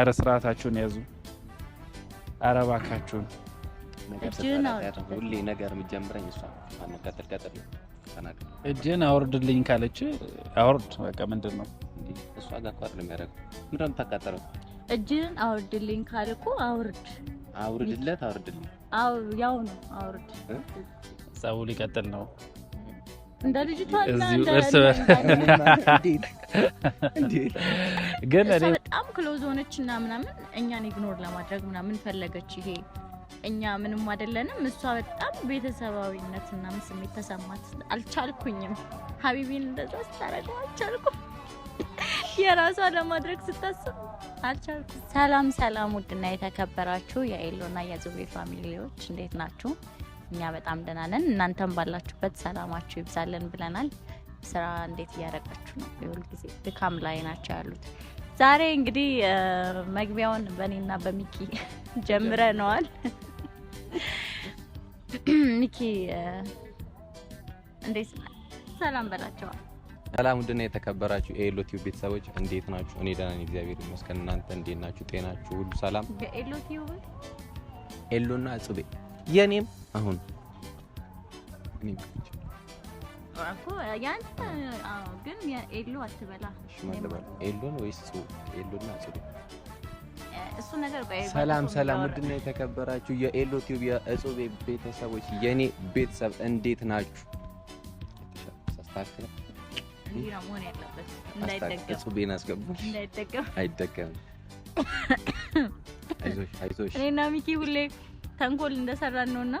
አረ ስርዓታችሁን ያዙ። አረ እባካችሁን ሁሌ ነገር የምትጀምረኝ እሷ ቀጥል ቀጥል እጅን አውርድልኝ ካለች አውርድ። በቃ ምንድን ነው እሷ ጋር እኮ አይደለም ያደረገው። ምንድን ነው የምታቃጠለው? እጅን አውርድልኝ ካልኩ አውርድ፣ አውርድለት፣ አውርድልኝ። ያው ነው አውርድ። ጸቡ ሊቀጥል ነው እንደ ልጅቷ ግን በጣም ክሎዝ ሆነች እና ምናምን እኛን ኢግኖር ለማድረግ ምናምን ፈለገች። ይሄ እኛ ምንም አይደለንም። እሷ በጣም ቤተሰባዊነት ምናምን ስሜት ተሰማት። አልቻልኩኝም። ሀቢቢን እንደዛ ስታረገው አልቻልኩም። የራሷ ለማድረግ ስታስብ አልቻልኩም። ሰላም ሰላም! ውድና የተከበራችሁ የኤሎና የዙቤ ፋሚሊዎች እንዴት ናችሁ? እኛ በጣም ደህና ነን። እናንተም ባላችሁበት ሰላማችሁ ይብዛለን ብለናል። ስራ እንዴት እያደረጋችሁ ነው? የሁል ጊዜ ድካም ላይ ናቸው ያሉት። ዛሬ እንግዲህ መግቢያውን በእኔና በሚኪ ጀምረነዋል። ሚኪ እንዴት ሰላም በላቸዋል። ሰላም ውድና የተከበራችሁ የኤሎ ቲዩብ ቤተሰቦች እንዴት ናችሁ? እኔ ደህና ነኝ እግዚአብሔር ይመስገን። እናንተ እንዴት ናችሁ? ጤናችሁ ሁሉ ሰላም? ኤሎ ቲዩብ ኤሎና ጽቤ የኔም አሁን ኤሎ ሰላም ሰላም፣ ውድና የተከበራችሁ የኤሎ ቲዩብ የእጹብ ቤተሰቦች የኔ ቤተሰብ እንዴት ናችሁ? አይደገምም። አይዞሽ አይዞሽ። እኔና ሚኪ ሁሌ ተንኮል እንደሰራን ነውና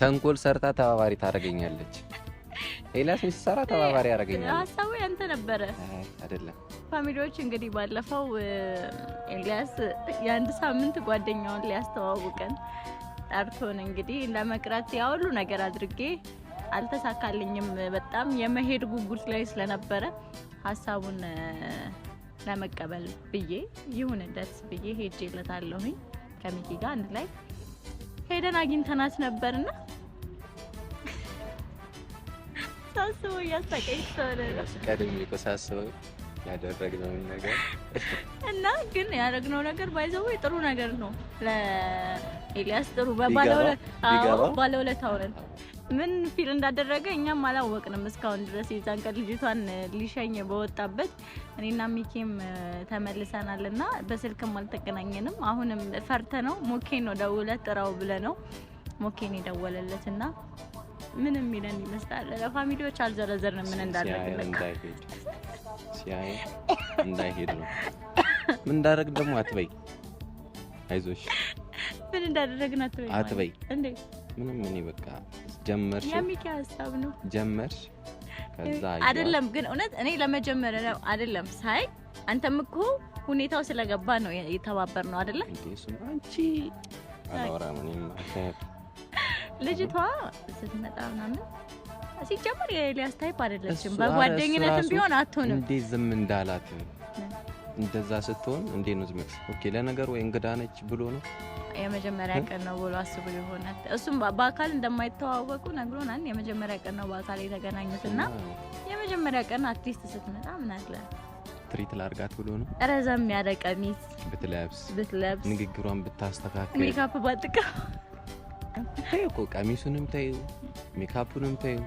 ተንኮል ሰርታ ተባባሪ ታደርገኛለች። ኤላስ ሲሰራ ተባባሪ ያደርገኛል። ሀሳቡ ያንተ ነበረ አይደለም? ፋሚሊዎች እንግዲህ ባለፈው ኤልያስ የአንድ ሳምንት ጓደኛውን ሊያስተዋውቀን ጠርቶን እንግዲህ ለመቅረት ያ ሁሉ ነገር አድርጌ አልተሳካልኝም። በጣም የመሄድ ጉጉት ላይ ስለነበረ ሀሳቡን ለመቀበል ብዬ ይሁንለት ብዬ ሄጄለታለሁኝ። ከሚኪ ጋር አንድ ላይ ሄደን አግኝተናት ነበርና ሳስበው እያሳቀኝ ሳስበው ነገር እና ግን ያደረግነው ነገር ባይዘው ጥሩ ነገር ነው። ለኤልያስ ጥሩ ባለውለታው ነው። ምን ፊል እንዳደረገ እኛም አላወቅንም እስካሁን ድረስ። የዛን ቀን ልጅቷን ሊሸኝ በወጣበት እኔና ሚኬም ተመልሰናል እና በስልክም አልተገናኘንም። አሁንም ፈርተ ነው ሞኬ ነው ደውለ ጥራው ብለ ነው ሞኬን የደወለለት እና ምን የሚለን ይመስላል። ለፋሚሊዎች አልዘረዘርንም ምን እንዳደረግን ሲያይ እንዳይሄድ ነው። ምን እንዳደረግ ደግሞ አትበይ፣ አይዞሽ ምን እንዳደረግን አትበይ፣ አትበይ። ምንም እኔ በቃ ጀመርሽ? የሚኪ ሀሳብ ነው ጀመርሽ? አይደለም ግን እውነት እኔ ለመጀመር ነው አይደለም ሳይ አንተም እኮ ሁኔታው ስለገባ ነው የተባበር ነው አይደለ? አንቺ አላወራም። እኔማ ልጅቷ ስትመጣ ምናምን ሲጀመር የኤልያስ ታይፕ አይደለችም። በጓደኝነትም ቢሆን አትሆንም። እንዴት ዝም እንዳላት እንደዛ ስትሆን እንዴት ነው ዝም? ኦኬ ለነገሩ እንግዳ ነች ብሎ ነው የመጀመሪያ ቀን ነው ብሎ አስቡ ይሆናል። እሱም በአካል እንደማይተዋወቁ ነግሮናል። የመጀመሪያ ቀን ነው በአካል የተገናኙት እና የመጀመሪያ ቀን አርቲስት ስትመጣ ምን አለ ትሪት ላርጋት ብሎ ነው ረዘም ያለ ቀሚስ ብትለብስ ብትለብስ ንግግሯን ብታስተካክል ሜካፕ ባጥቃ ተይው እኮ ቀሚሱንም ተይው ሜካፑንም ተይው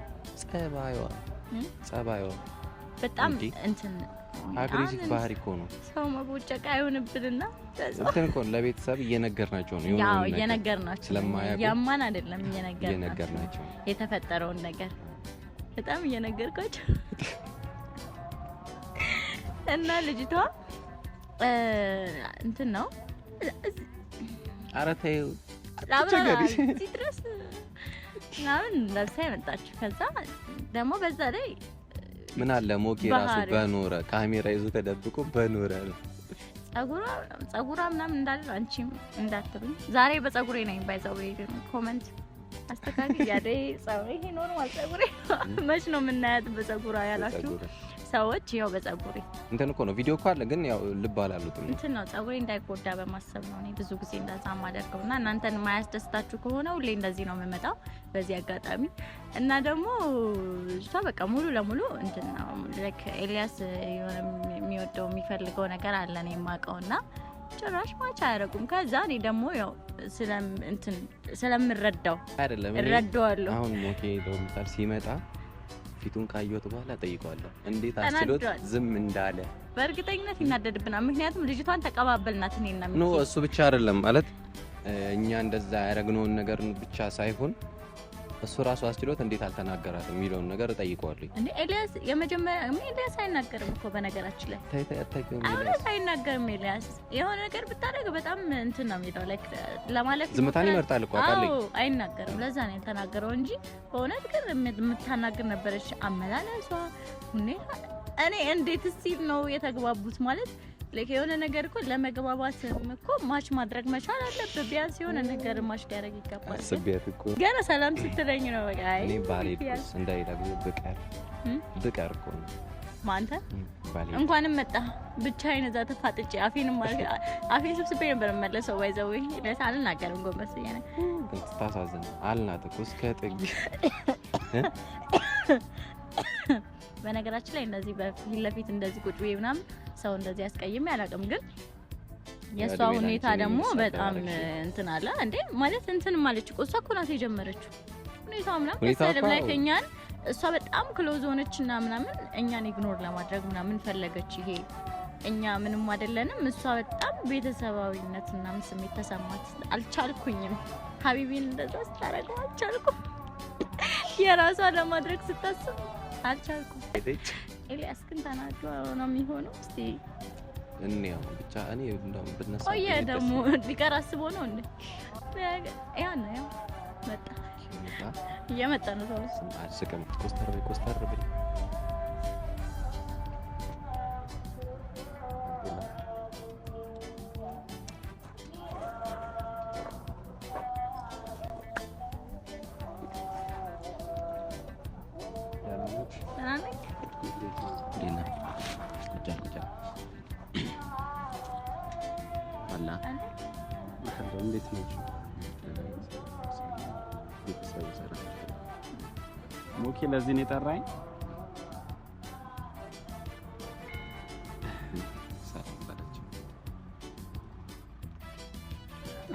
ጸባይዋ ጸባይዋ በጣም እንትን አግሬሲቭ ባህሪ እኮ ነው። ሰው መቦጨቅ አይሆንብንና እንትን እኮ ለቤተሰብ እየነገርናቸው ነው። ያው እየነገርናቸው ስለማያውቁ ያማን አይደለም እየነገርናቸው የተፈጠረውን ነገር በጣም እየነገርኳቸው እና ልጅቷ እንትን ነው። ኧረ ተይው እዚህ ድረስ ምናምን ለብሳ የመጣችው ከዛ ደግሞ በዛ ላይ ምን አለ ሞኬ ራሱ በኖረ ካሜራ ይዞ ተደብቆ በኖረ ነው። ጸጉራ ጸጉራ ምናምን እንዳለ አንቺም እንዳትሉኝ ዛሬ በጸጉሬ ነኝ ባይዘው ኮመንት አስተካክል ያደይ ጸጉሬ ይሄ ኖርማል ጸጉሬ መች ነው የምናያት በጸጉሯ ያላችሁ ሰዎች ያው በጸጉሬ እንትን እኮ ነው ቪዲዮ እኮ አለ ግን ያው ልብ አላሉት እንትን ነው ጸጉሬ እንዳይጎዳ በማሰብ ነው እኔ ብዙ ጊዜ እንደዛ የማደርገው እና እናንተን የማያስደስታችሁ ከሆነ ሁሌ እንደዚህ ነው የምመጣው በዚህ አጋጣሚ እና ደግሞ እሷ በቃ ሙሉ ለሙሉ እንትን ነው ኤልያስ የሚወደው የሚፈልገው ነገር አለ እኔ የማውቀው እና ጭራሽ ማች አያደርጉም። ከዛ እኔ ደግሞ ያው ስለምረዳው አይደለም እረዳዋለሁ። አሁን ሞኬ ዶርምታል ሲመጣ ፊቱን ካየሁት በኋላ ጠይቀዋለሁ እንዴት አስችሎት ዝም እንዳለ በእርግጠኝነት ይናደድብናል። ምክንያቱም ልጅቷን ተቀባበልናት እኔና እሱ ብቻ አይደለም ማለት እኛ እንደዛ ያደረግነውን ነገር ብቻ ሳይሆን እሱ ራሱ አስችሎት እንዴት አልተናገራትም የሚለውን ነገር እጠይቀዋለሁ። ኤልያስ የመጀመሪያ ኤልያስ አይናገርም እኮ በነገራችን ላይ አሁን አይናገርም። ኤልያስ የሆነ ነገር ብታደርግ በጣም እንትን ነው የሚለው ላይክ ዝምታን ይመርጣል እኮ አውቃለሁ። አይናገርም፣ ለዛ ነው የተናገረው እንጂ በእውነት ግን የምታናግር ነበረች። አመላለሷ እኔ እንዴት ሲል ነው የተግባቡት ማለት የሆነ ነገር እኮ ለመግባባት እኮ ማች ማድረግ መቻል አለብህ። ቢያንስ የሆነ ነገር ማች ሊያደርግ ይገባል። አስቤያት እኮ ገና ሰላም ስትለኝ ነው በቃ እኔ ባሌ እንዳይላ ብቀር ብቀር እኮ ነው ማንተ እንኳንም መጣ ብቻዬን እዛ ተፋጥጬ አፌን አፌን ስብስቤ ነበር መለሰው ባይዘው ነት አልናገርም። ጎንበስ ያኔ ታሳዝን አልናት እኮ እስከ ጥግ። በነገራችን ላይ እንደዚህ በፊት ለፊት እንደዚህ ቁጭ ብዬ ምናምን ሰው እንደዚህ ያስቀይም ያላቅም ግን የእሷ ሁኔታ ደግሞ በጣም እንትን አለ እንዴ ማለት እንትን ማለች እኮ እሷ እኮ ናት የጀመረችው ሁኔታ ምናምን ላይ ከኛን እሷ በጣም ክሎዝ ሆነችና ምናምን እኛን ኢግኖር ለማድረግ ምናምን ፈለገች። ይሄ እኛ ምንም አይደለንም። እሷ በጣም ቤተሰባዊነት ምናምን ስሜት ተሰማት። አልቻልኩኝም። ሀቢቢን እንደዛ ስታደርገው አልቻልኩም። የራሷ ለማድረግ ስታስብ አልቻልኩም። ኤልያስ ግን ተናዶ ነው የሚሆነው። እስቲ እንየው ብቻ። እኔ እንደውም ብነሳ ቆየ ደግሞ ሊቀር አስቦ ነው እንዴ? ያ ነው ያው መጣ፣ እየመጣ ነው ሰው። አልስቅም። ኮስተር በይ፣ ኮስተር ኮስተር በይ ሙኪ ለዚህ ነው የጠራኝ።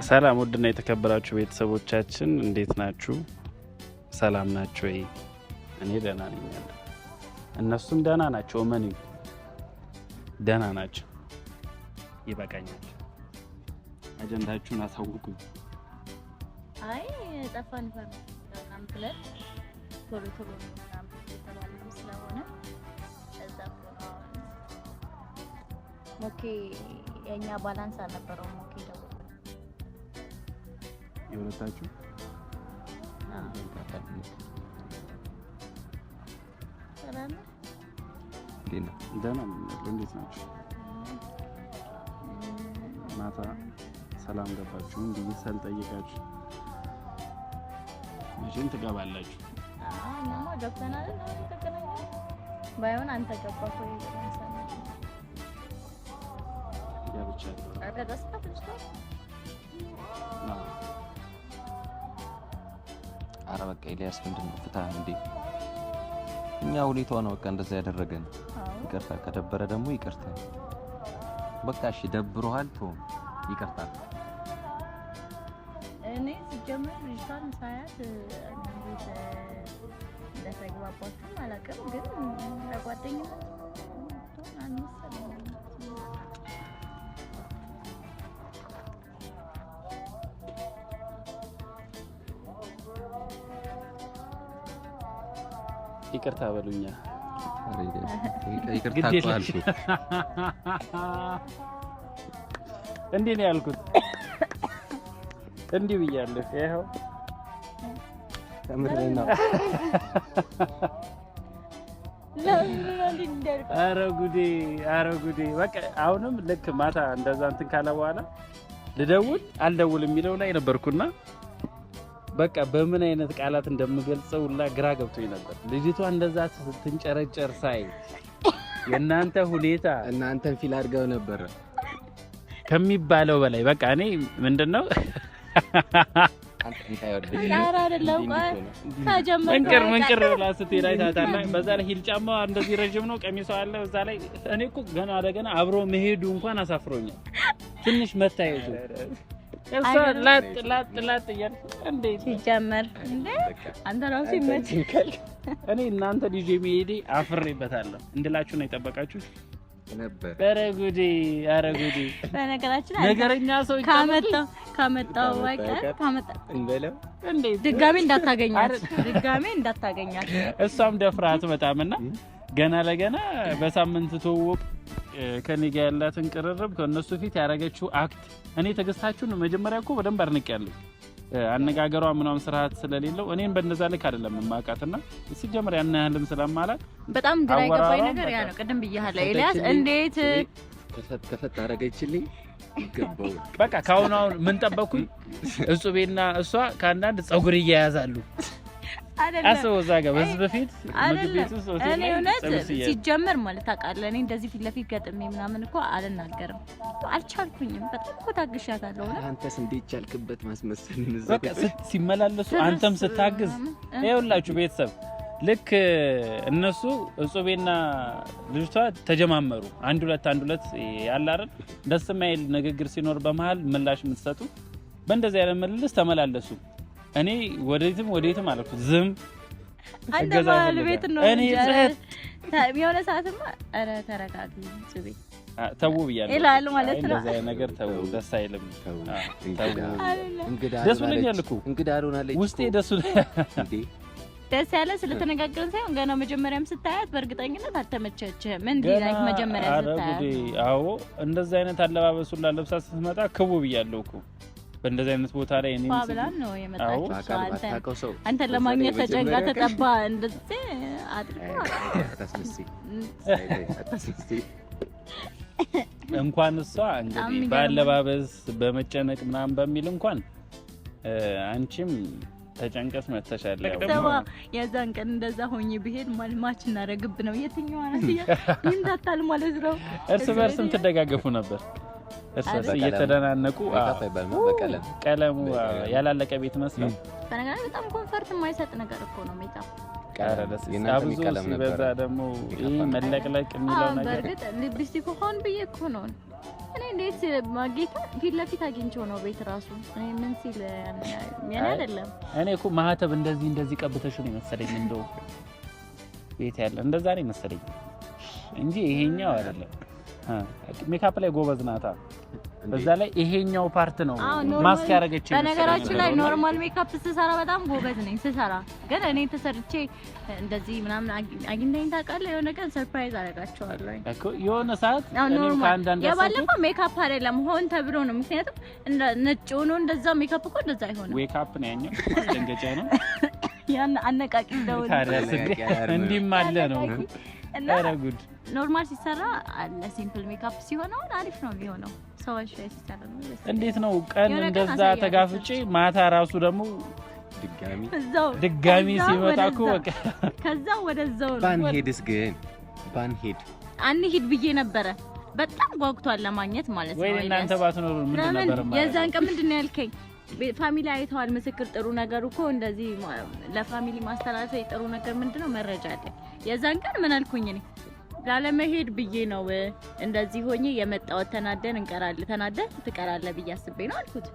ሰላም ውድና የተከበራችሁ ቤተሰቦቻችን እንዴት ናችሁ? ሰላም ናቸው ወይ? እኔ ደህና ነኝ። እነሱም ደህና ናቸው። መን ደህና ናቸው። ይበቃኛል። አጀንዳችሁን አሳውቁኝ። አይ ጠፋን ብለን ቶሎ ቶሎ የተባለም ስለሆነ እዛ ሞኬ የእኛ ባላንስ አልነበረውም። ሞኬ ደውሎ የሁለታችሁ እንዴት ናችሁ? ማታ ሰላም ገባችሁ ብዬ ሳልጠይቃችሁ መቼም ትገባላችሁ። እኛማ ገብተናል። ባይሆን አንተ ገባህ ወይ ኧረ በቃ ኤልያስ ምንድን ነው ፍታ እንዴ! እኛ ሁኔታው ነው በቃ እንደዛ ያደረገን። ይቅርታ ከደበረ ደግሞ ይቅርታ። በቃ እሺ ደብሮሃል፣ ቶ ይቅርታ። እኔ ሲጀምር ልጅቷን ሳያት እንደተግባባትም አላውቅም፣ ግን በጓደኝነት አንመሰለኝም። ይቅርታ በሉኛ። እንዲህ ነው ያልኩት፣ እንዲህ ብያለሁ። ይኸው ከምሬን ነው። ኧረ ጉዴ! ኧረ ጉዴ! በቃ አሁንም ልክ ማታ እንደዛ እንትን ካለ በኋላ ልደውል አልደውል የሚለው ላይ ነበርኩና በቃ በምን አይነት ቃላት እንደምገልጸው ሁላ ግራ ገብቶኝ ነበር። ልጅቷ እንደዛ ስትንጨረጨር ሳይ የእናንተ ሁኔታ እናንተን ፊል አድርገው ነበር? ከሚባለው በላይ በቃ እኔ ምንድን ነው ምንቅር ምንቅር ብላ ስትሄድ አይታታና በዛ ላይ ሂል ጫማ እንደዚህ ረዥም ነው፣ ቀሚሷ አለ እዛ ላይ። እኔ እኮ ገና ለገና አብሮ መሄዱ እንኳን አሳፍሮኛል። ትንሽ መታየቱ እሷ ላጥ እኔ እናንተ ልጅ የሚሄዴ አፍሬበታለሁ እንድላችሁ ነው የጠበቃችሁ ነበር። ኧረ ጉዴ! ኧረ ጉዴ! በነገራችን ነገረኛ ሰው ካመጣው ካመጣው እንበለው ድጋሜ እንዳታገኛት ድጋሜ እንዳታገኛት። እሷም ደፍራት ገና ለገና በሳምንት ትውውቅ ከኔ ጋር ያላትን ቅርርብ ከእነሱ ፊት ያደረገችው አክት እኔ ትዕግስታችሁን መጀመሪያ እኮ በደንብ አድንቄያለሁ። አነጋገሯ ምናምን ስርዓት ስለሌለው እኔም በእነዛ ልክ አይደለም የማውቃትና ሲጀመር ያን ያህልም ስለማላቅ በጣም ግራ የገባኝ ነገር ያ ነው። ቅድም ብያለሁ ኤልያስ እንዴት ከፈት ከፈት አደረገችልኝ። በቃ ከአሁን አሁን ምን ጠበኩኝ? እጹቤና እሷ ከአንዳንድ ፀጉር እያያዛሉ አሰው እዛ ጋር በዚህ በፊት እኔ እውነት ሲጀመር ማለት ታውቃለህ፣ እኔ እንደዚህ ፊት ለፊት ገጥሜ ምናምን እኮ አልናገርም፣ አልቻልኩኝም። በጣም እኮ ታግሻታለሁ። አንተስ እንዴት ቻልክበት ማስመሰል? ሲመላለሱ አንተም ስታግዝ ይኸውላችሁ ቤተሰብ ልክ እነሱ እጹቤና ልጅቷ ተጀማመሩ። አንድ ሁለት አንድ ሁለት ያላረን ደስ የማይል ንግግር ሲኖር በመሀል ምላሽ የምትሰጡ በእንደዚህ ያለ ምልልስ ተመላለሱ። እኔ ወደየትም ወደየትም አላልኩት። ዝም አንተ ነው እኔ ጽህት የሆነ ሰዓትማ ኧረ ተረጋጊ ጽቤ ተው ብያለሁ ይላል ማለት ነው። እንደዛ ነገር ተው፣ ደስ አይልም። ተው ደስ ብሎኛል እኮ እንግዳ አልሆናለች ውስጤ ደስ ደስ ያለ ስለተነጋገርን ሳይሆን ገና መጀመሪያም ስታያት በእርግጠኝነት አልተመቸችም። እንዲህ ላይክ መጀመሪያ ስታያት አዎ፣ እንደዛ አይነት አለባበሱን ላለብሳ ስትመጣ ክቡ ብያለሁ እኮ በእንደዚህ አይነት ቦታ ላይ እኔ ብላን ነው የመጣችው። አንተ አንተ ለማግኘት ተጨንቃ ተጠባ እንደዚህ አድርጋ እንኳን እሷ እንግዲህ በአለባበስ በመጨነቅ ምናምን በሚል እንኳን አንቺም ተጨንቀስ መተሻለ ሰባ የዛን ቀን እንደዛ ሆኜ ብሄድ ማልማች እናረግብ ነው። የትኛዋ ናት እንዳታል ማለት ነው። እርስ በርስም ትደጋገፉ ነበር። እርስ እየተደናነቁ ቀለሙ ያላለቀ ቤት መስለው በነገር በጣም ኮንፈርት የማይሰጥ ነገር እኮ ነው ሜካፕ ብዙ ሲበዛ ደግሞ ይህ መለቅለቅ የሚለው ነገር በእርግጥ ሊፕስቲክ ሆን ብዬ እኮ ነው እኔ እንዴት ማጌታ ፊት ለፊት አግኝቼው ነው ቤት ራሱ እኔ ምን ሲል አይደለም እኔ እኮ ማህተብ እንደዚህ እንደዚህ ቀብተሽ ነው የመሰለኝ እንደው ቤት ያለ እንደዛ ነው የመሰለኝ እንጂ ይሄኛው አይደለም ሜካፕ ላይ ጎበዝ ናታ በዛ ላይ ይሄኛው ፓርት ነው ማስክ ያደረገችኝ። በነገራችን ላይ ኖርማል ሜካፕ ስሰራ በጣም ጎበዝ ነኝ ስሰራ፣ ግን እኔ ተሰርቼ እንደዚህ ምናምን አግኝተኝ ታውቃለህ? የሆነ ቀን ሰርፕራይዝ አደርጋቸዋለሁ እኮ የሆነ ሰዓት። የባለፈው ሜካፕ አይደለም ሆን ተብሎ ነው። ምክንያቱም ነጭ ሆኖ እንደዛ ሜካፕ እኮ እንደዛ አይሆንም። ሜካፕ ነው ያኛው፣ ማስደንገጫ ነው ያን አነቃቂ ደውል እንዲህም አለ ነው እና ኖርማል ሲሰራ አለ፣ ሲምፕል ሜካፕ ሲሆን አሪፍ ነው የሚሆነው። እንዴት ነው ቀን እንደዛ ተጋፍጬ ማታ ራሱ ደግሞ ድጋሚ ድጋሚ ሲመጣ እኮ በቃ ከዛ ወደዛው ነው። ባንሄድስ ግን ባንሄድ አንሄድ ብዬ ነበረ። በጣም ጓጉቷል ለማግኘት ማለት ነው። ወይ እናንተ ባትኖሩ ምን ነበር ማለት የዛን ቀን ምንድን ነው ያልከኝ? ፋሚሊ አይተዋል። ምስክር ጥሩ ነገር እኮ እንደዚህ ለፋሚሊ ማስተላለፍ ጥሩ ነገር ምንድነው መረጃ አለ። የዛን ቀን ምን አልኩኝ እኔ ላለመሄድ ብዬ ነው እንደዚህ ሆኜ የመጣሁት። ተናደን እንቀራለን ተናደን ትቀራለህ ብዬ አስቤ ነው አልኩት።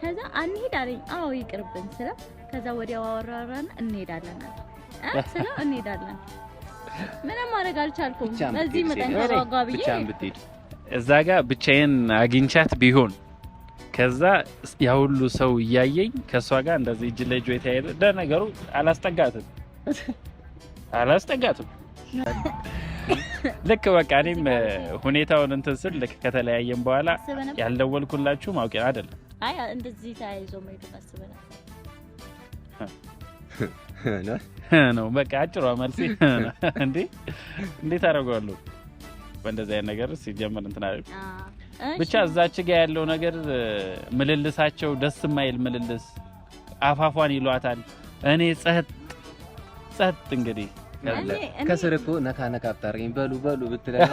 ከዛ አንሄድ አለኝ። አዎ ይቅርብን ስለ ከዛ ወዲያው አወራራን እንሄዳለን አለ ስለ እንሄዳለን። ምንም ማድረግ አልቻልኩም። በዚህ መጠን ተዋጋ ብዬ እዛ ጋር ብቻዬን አግኝቻት ቢሆን ከዛ ያ ሁሉ ሰው እያየኝ ከእሷ ጋር እንደዚህ እጅ ለእጅ የተያየ ነገሩ አላስጠጋትም አላስጠጋትም ልክ በቃ እኔም ሁኔታውን እንትን ስል ልክ ከተለያየም በኋላ ያልደወልኩላችሁ ማውቂ አይደለም። አይ እንደዚህ ተያይዞ መሄዱ ነው በቃ አጭሯ መልሴ። እንዴ እንዴት አደርገዋለሁ በእንደዚህ አይነት ነገር ሲጀምር እንትን አለ ብቻ እዛች ጋ ያለው ነገር ምልልሳቸው ደስ የማይል ምልልስ አፋፏን ይሏታል። እኔ ጸጥ ጸጥ እንግዲህ ከስር እኮ ነካ ነካ አታርገኝ በሉ በሉ ብትለኝ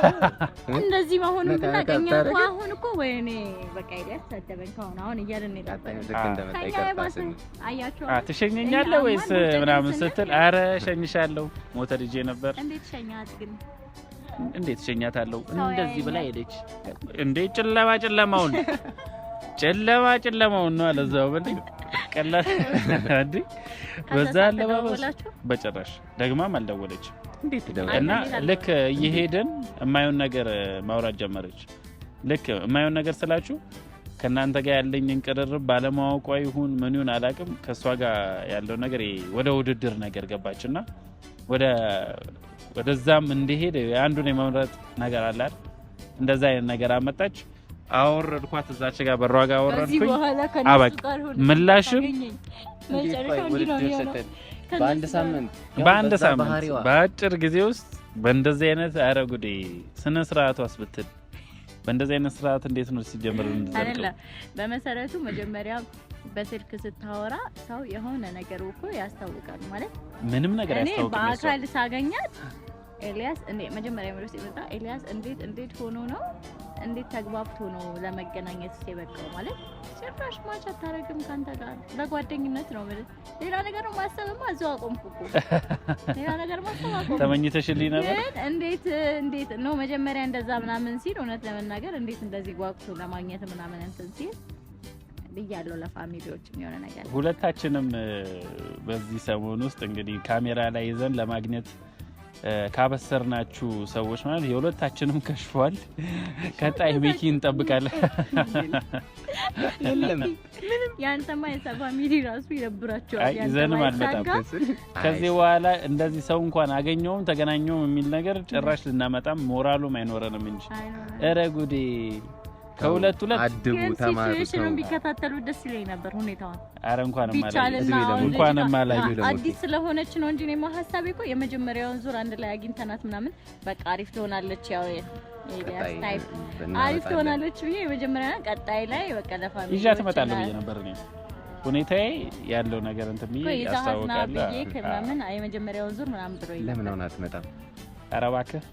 እንደዚህ መሆኑ ብናገኘ እኮ አሁን እኮ ወይኔ በቃ ይደስ ሰደበኝ ከሆነ አሁን እያልን ትሸኘኛለህ ወይስ ምናምን ስትል አረ እሸኝሻለሁ ሞተር ይዤ ነበር እንዴት ሸኛት ግን እንዴት ሸኛታለሁ? እንደዚህ ብላ ሄደች እንዴ ጨለማ ጨለማውን ጨለማ ጨለማውን ነው አለዛው በልኝ ቀላል በዛ አለባበስ በጭራሽ ደግማም አልደወለች እና ልክ እየሄድን የማየውን ነገር ማውራት ጀመረች። ልክ የማየውን ነገር ስላችሁ ከእናንተ ጋር ያለኝን ቅርርብ ባለማወቋ ይሁን ምን ይሁን አላቅም ከእሷ ጋር ያለው ነገር ወደ ውድድር ነገር ገባች እና ወደዛም እንዲሄድ አንዱን የመምረጥ ነገር አላል እንደዛ አይነት ነገር አመጣች። አወረድኳት እዛች ጋር በሯ ጋር አወረድኩኝ። አበቃ። ምላሽም በአንድ ሳምንት በአንድ ሳምንት በአጭር ጊዜ ውስጥ በእንደዚህ አይነት ኧረ ጉዴ ስነ ስርዓቱ አስብትል በእንደዚህ አይነት ስርዓት እንዴት ነው ሲጀምር? በመሰረቱ መጀመሪያ በስልክ ስታወራ ሰው የሆነ ነገር እኮ ያስታውቃል። ማለት ምንም ነገር ያስታውቃል። በአካል ሳገኛት ኤልያስ እኔ መጀመሪያ ምሮስ ይመጣ ኤልያስ እንዴት እንዴት ሆኖ ነው እንዴት ተግባብቶ ነው ለመገናኘት ስ የበቃው? ማለት ጭራሽ ማች አታረግም ካንተ ጋር በጓደኝነት ነው ማለት ሌላ ነገር ማሰብማ እዚሁ አቆምኩ እኮ ሌላ ነገር ማሰብ አቆምኩ። ተመኝተሽልኝ ነበር። እንዴት እንዴት ነው መጀመሪያ እንደዛ ምናምን ሲል እውነት ለመናገር እንዴት እንደዚህ ጓጉቶ ለማግኘት ምናምን እንትን ሲል ብያለሁ ለፋሚሊዎች የሆነ ነገር ሁለታችንም በዚህ ሰሞን ውስጥ እንግዲህ ካሜራ ላይ ይዘን ለማግኘት ካበሰርናችሁ ሰዎች ማለት የሁለታችንም ከሽፏል። ቀጣይ ሚኪ እንጠብቃለን። የአንተማ ራሱ ይዘንም አልመጣም። ከዚህ በኋላ እንደዚህ ሰው እንኳን አገኘውም ተገናኘውም የሚል ነገር ጭራሽ ልናመጣም ሞራሉም አይኖረንም እንጂ ኧረ ጉዴ ከሁለት ሁለት አድቡ ተማሩ ሽሉን ቢከታተሉ ደስ ይለኝ ነበር ሁኔታዋን። አረ እንኳን እንኳንም አላየሁ አዲስ ስለሆነች ነው እንጂ እኔማ ሀሳቤ እኮ የመጀመሪያውን ዙር አንድ ላይ አግኝተናት ምናምን በቃ አሪፍ ትሆናለች፣ ያው አሪፍ ትሆናለች ብዬ የመጀመሪያ ቀጣይ ላይ በቃ ለፋሚሊ ይዣ ትመጣለህ ብዬ ነበር እኔ ሁኔታዬ ያለው ነገር እንትን ብዬ ያስታውቃለሁ ብዬ ከምናምን የመጀመሪያውን ዙር ምናምን ብሎኝ ለምን አሁን አትመጣም? ኧረ እባክህ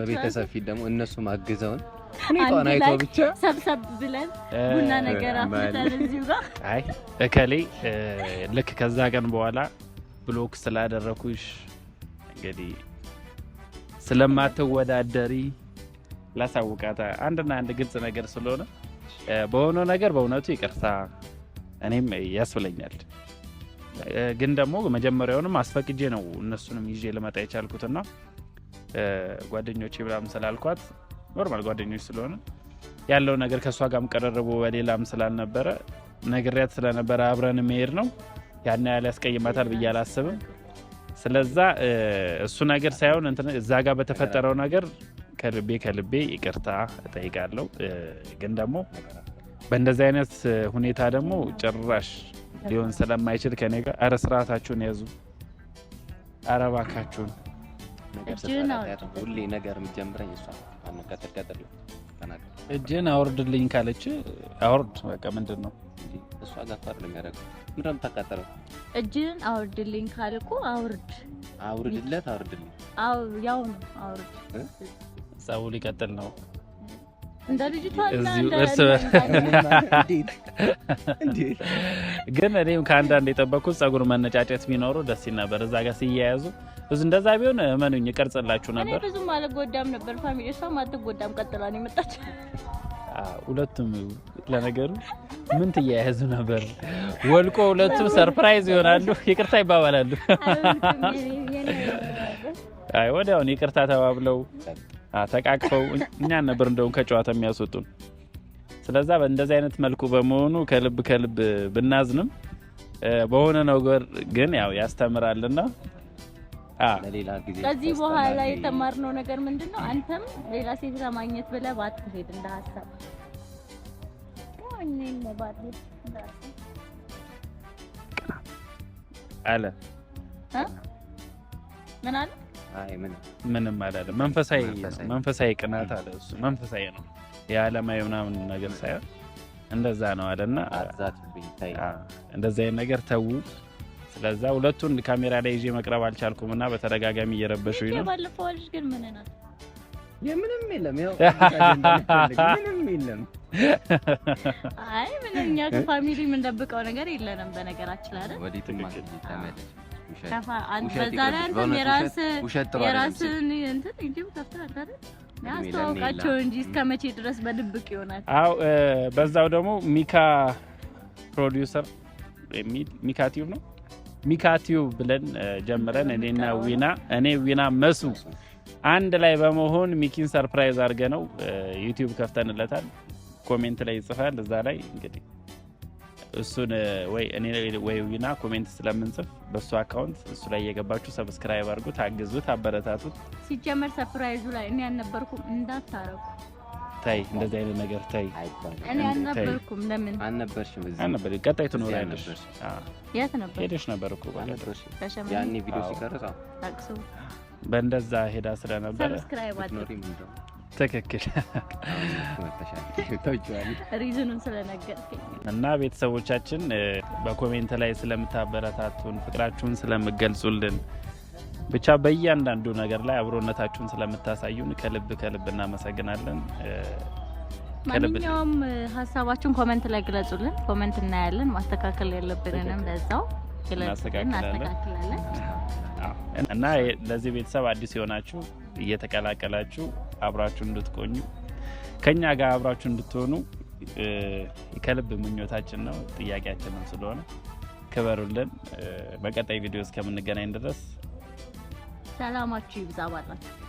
በቤተሰብ ፊት ደግሞ እነሱ ማግዘውን ሁኔታውን ብቻ ሰብሰብ ብለን ቡና ነገር አፍልተን እዚሁ ጋር አይ እከሌ ልክ ከዛ ቀን በኋላ ብሎክ ስላደረኩሽ እንግዲህ ስለማትወዳደሪ ላሳውቃት አንድና አንድ ግልጽ ነገር ስለሆነ በሆነው ነገር በእውነቱ ይቅርታ እኔም ያስብለኛል። ግን ደግሞ መጀመሪያውንም አስፈቅጄ ነው እነሱንም ይዤ ልመጣ የቻልኩትና ጓደኞቼ ብላም ስላልኳት ኖርማል ጓደኞች ስለሆነ ያለው ነገር ከእሷ ጋም ቀረረቡ በሌላም ስላልነበረ ነግሬያት ስለነበረ አብረን መሄድ ነው ያን ያህል ያስቀይማታል ብዬ አላስብም። ስለዛ እሱ ነገር ሳይሆን እዛ ጋር በተፈጠረው ነገር ከልቤ ከልቤ ይቅርታ እጠይቃለሁ። ግን ደግሞ በእንደዚህ አይነት ሁኔታ ደግሞ ጭራሽ ሊሆን ስለማይችል ከኔ ጋር ኧረ ስርዓታችሁን ያዙ፣ ሁሌ ነገር የምትጀምረኝ እሷ ቀጥል እጅን አውርድልኝ ካለች አውርድ። በቃ ምንድን ነው እሷ ጋር ፋር የሚያደርገው ምንድን እጅን አውርድልኝ ካልኩ አውርድ፣ አውርድለት፣ አውርድልኝ። ያው ነው አውርድ። ጸቡ ሊቀጥል ነው ልጅቷ ግን እኔም ከአንዳንድ የጠበኩት ጸጉር መነጫጨት ቢኖሩ ደስ ይል ነበር። እዛ ጋር ሲያያዙ ብዙ እንደዛ ቢሆን እመኑኝ እቀርጽላችሁ ነበር። ብዙም አልጎዳም ነበር። ፋሚሊ እሷም አትጎዳም። ቀጥላ ነው የመጣችው። ሁለቱም ለነገሩ ምን ትያያዙ ነበር። ወልቆ ሁለቱም ሰርፕራይዝ ይሆናሉ፣ ይቅርታ ይባባላሉ። አይ ወዲያውኑ ይቅርታ ተባብለው ተቃቅፈው እኛ ነበር እንደውም ከጨዋታ የሚያስወጡን። ስለዛ በእንደዚህ አይነት መልኩ በመሆኑ ከልብ ከልብ ብናዝንም በሆነ ነገር ግን ያው ያስተምራልና ከዚህ በኋላ የተማርነው ነገር ምንድን ነው? አንተም ሌላ ሴት ለማግኘት ብለህ ባትሄድ እንደ ሀሳብ አለ ምን አለ ምንም አላለም። መንፈሳዊ መንፈሳዊ ቅናት አለ እሱ መንፈሳዊ ነው የዓለማዊ ምናምን ነገር ሳይሆን እንደዛ ነው አለና እንደዛ አይነት ነገር ተዉ። ስለዛ ሁለቱን ካሜራ ላይ ይዤ መቅረብ አልቻልኩም እና በተደጋጋሚ እየረበሹኝ ነው። የምንም የለም ምንም የለም። አይ ምንም እኛ ከፋሚሊ የምንደብቀው ነገር የለንም። በነገራችን አለ ወዲትም የራስህን እንትን በዛው ደግሞ ሚካ ፕሮዲውሰር የሚል ሚካ ቲዩብ ነው ሚካ ቲዩብ ብለን ጀምረን እኔና ዊና እኔ ዊና መሱ አንድ ላይ በመሆን ሚኪን ሰርፕራይዝ አድርገ ነው ዩቲዩብ ከፍተንለታል። ኮሜንት ላይ ይጽፋል። እዛ ላይ እንግዲህ እሱን ወይ እኔ ወይ ዊና ኮሜንት ስለምንጽፍ በእሱ አካውንት እሱ ላይ እየገባችሁ ሰብስክራይብ አድርጉት፣ አግዙት፣ አበረታቱት። ሲጀመር ሰፕራይዙ ላይ እኔ አልነበርኩም እንዳታረጉ። ታይ እንደዚህ አይነት ነገር ታይ። እኔ አልነበርኩም። ለምን አልነበርሽም? እዚህ አልነበርኩም። ቀጣይ ትኖር ነበር። የት ነበር? ሄደሽ ነበር እኮ ያኔ ቪዲዮ ሲቀርጻ በእንደዛ ሄዳ ስለነበረ ሰብስክራይብ ትክክል ሪዝኑን ስለነገርከኝ እና ቤተሰቦቻችን በኮሜንት ላይ ስለምታበረታቱን፣ ፍቅራችሁን ስለምገልጹልን ብቻ በእያንዳንዱ ነገር ላይ አብሮነታችሁን ስለምታሳዩን ከልብ ከልብ እናመሰግናለን። ማንኛውም ሀሳባችሁን ኮመንት ላይ ግለጹልን። ኮመንት እናያለን። ማስተካከል ያለብንንም ለዛው እናስተካክላለን እና ለዚህ ቤተሰብ አዲስ የሆናችሁ እየተቀላቀላችሁ አብራችሁ እንድትቆኙ ከኛ ጋር አብራችሁ እንድትሆኑ ከልብ ምኞታችን ነው፣ ጥያቄያችንም ስለሆነ ክበሩልን። በቀጣይ ቪዲዮ እስከምንገናኝ ድረስ ሰላማችሁ ይብዛ ባላችሁ